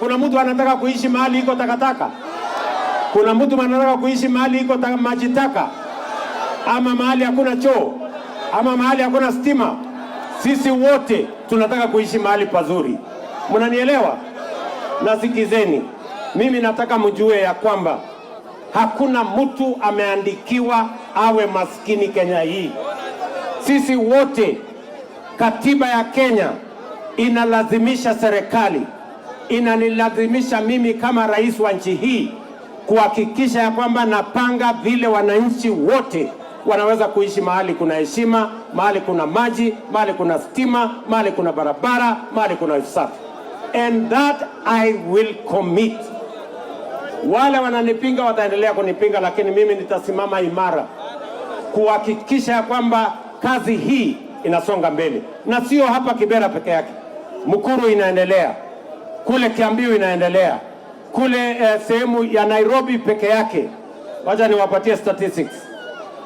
Kuna mtu anataka kuishi mahali iko takataka? Kuna mtu anataka kuishi mahali iko maji taka, ama mahali hakuna choo, ama mahali hakuna stima? Sisi wote tunataka kuishi mahali pazuri, mnanielewa? Nasikizeni, mimi nataka mjue ya kwamba hakuna mtu ameandikiwa awe maskini Kenya hii. Sisi wote, katiba ya Kenya inalazimisha serikali inanilazimisha mimi kama rais wa nchi hii kuhakikisha ya kwamba napanga vile wananchi wote wanaweza kuishi mahali kuna heshima, mahali kuna maji, mahali kuna stima, mahali kuna barabara, mahali kuna usafi. And that I will commit. Wale wananipinga wataendelea kunipinga, lakini mimi nitasimama imara kuhakikisha ya kwamba kazi hii inasonga mbele, na sio hapa Kibera peke yake. Mukuru inaendelea kule Kiambiu inaendelea kule eh, sehemu ya Nairobi peke yake. Wacha niwapatie statistics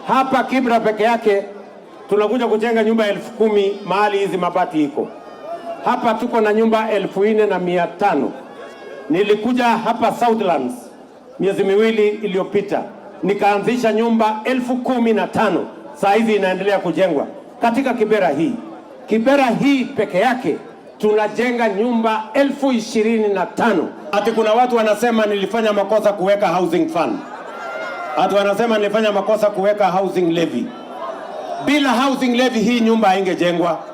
hapa Kibra peke yake tunakuja kujenga nyumba elfu kumi mahali hizi mabati iko hapa, tuko na nyumba elfu nne na mia tano. Nilikuja hapa Southlands miezi miwili iliyopita nikaanzisha nyumba elfu kumi na tano saa hizi inaendelea kujengwa katika Kibera hii. Kibera hii peke yake tunajenga nyumba elfu ishirini na tano. Ati kuna watu wanasema nilifanya makosa kuweka housing fund, ati wanasema nilifanya makosa kuweka housing levy. Bila housing levy hii nyumba haingejengwa.